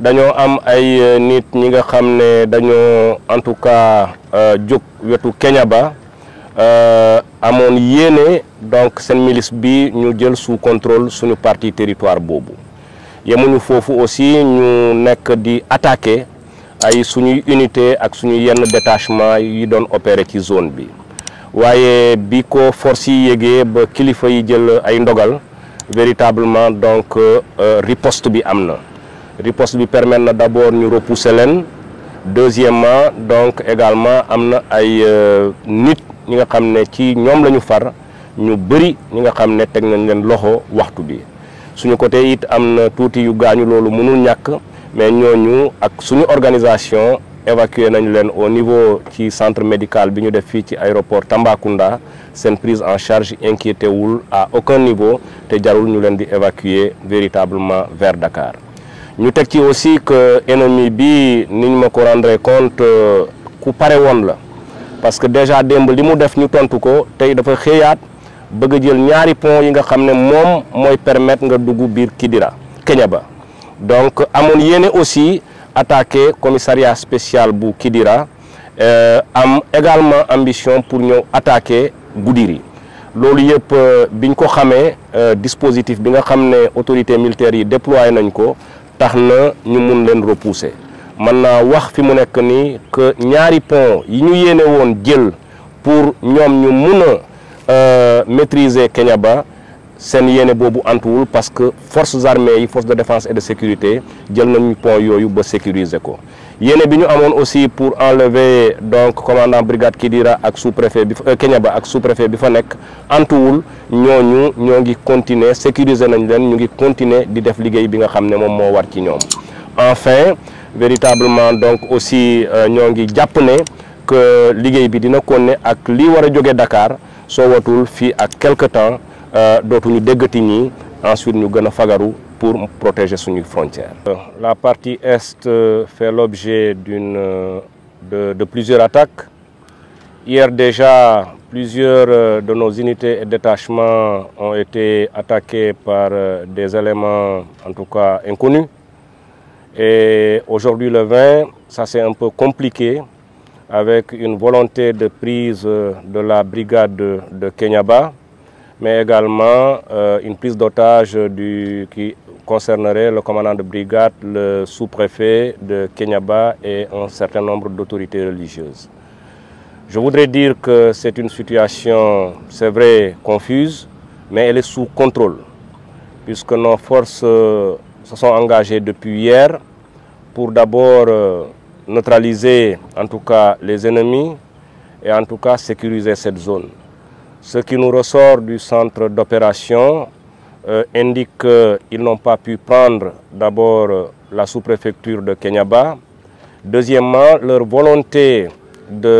dañoo am ay euh, nit ñi nga xam ne dañoo en tout cas euh, jóg wetu Keñaba euh, amoon yéene donc seen milice bi ñu jël sous contrôle suñu partie territoire boobu yemuñu foofu aussi ñu nekk di attaqué ay suñuy unité ak suñu yenn détachement yi doon opérer ci zone bi waaye bi ko force yi yégee ba kilifa yi jël ay ndogal véritablement donc ripost bi am na riposte bi permettre na d' abord ñu repousser leen deuxièmement donc également am na ay euh, nit ñi nga xam ne ci ñoom la ñu far ñu bëri ñi nga xam ne teg nañ leen loxo waxtu bi suñu côté it am na tuuti yu gaañu loolu mënul ñàkk mais ñooñu ak suñu organisation évacué nañ leen au niveau ci centre médical bi ñu def fii ci aéroport Tambacounda seen prise en charge inquiété wul à aucun niveau te jarul ñu leen di évacuer véritablement vers Dakar nous teg ci aussi que ennemi bi ni nous ma ko rendre compte ku pare woon la parce que déjà démb li mu def que tontu ko tey dafa xëyaat bëgg jël ñaari pont yi nga xam ne moom permettre nga dugg biir Kidira Kéniéba donc amoon yéene aussi attaqué commissariat spécial bu Kidira euh, am également ambition pour nous attaquer Goudiri loolu yëpp euh, biñ ko xamee euh, dispositif bi nga xam autorité militaire militaires yi déployé nañ ko tax na ñu mun leen repousser man naa wax fi mu nekk nii que ñaari pont yi ñu yéene woon jël pour ñoom ñu mun a euh, keña ba seen yéene boobu antuwul parce que forces armées yi forces de défense et de sécurité jël nañu pont yooyu ba sécuriser ko yéene biñu amone aussi pour enlever donc commandant brigade Kidira ak sous-préfet bi fa euh, ba ak sous-préfet bi fa nek antuwul ñooñu ñoo continuer sécuriser nañ len ñu continuer di def liguey bi nga xam ne mo war ci ñom enfin véritablement donc aussi euh, ñoo ngi jàpp ne que liguey bi dina konné ak li wara joggé Dakar so watul fi ak quelque temps euh, ñu déggati ni ensuite ñu gëna fagarou pour protéger nos frontière. La partie est euh, fait l'objet euh, de, plusieurs attaques. Hier déjà, plusieurs euh, de nos unités et détachements ont été attaqués par des éléments, en tout cas inconnus. Et aujourd'hui le 20, ça c'est un peu compliqué avec une volonté de prise de la brigade de Kenyaba mais également euh, une prise d'otage qui concernerait le commandant de brigade, le sous-préfet de Kenyaba et un certain nombre d'autorités religieuses. Je voudrais dire que c'est une situation, c'est vrai, confuse, mais elle est sous contrôle, puisque nos forces euh, se sont engagées depuis hier pour d'abord euh, neutraliser en tout cas les ennemis et en tout cas sécuriser cette zone. Ce qui nous ressort du centre d'opération euh, indique qu'ils n'ont pas pu prendre d'abord euh, la sous-préfecture de Kenyaba. Deuxièmement, leur volonté de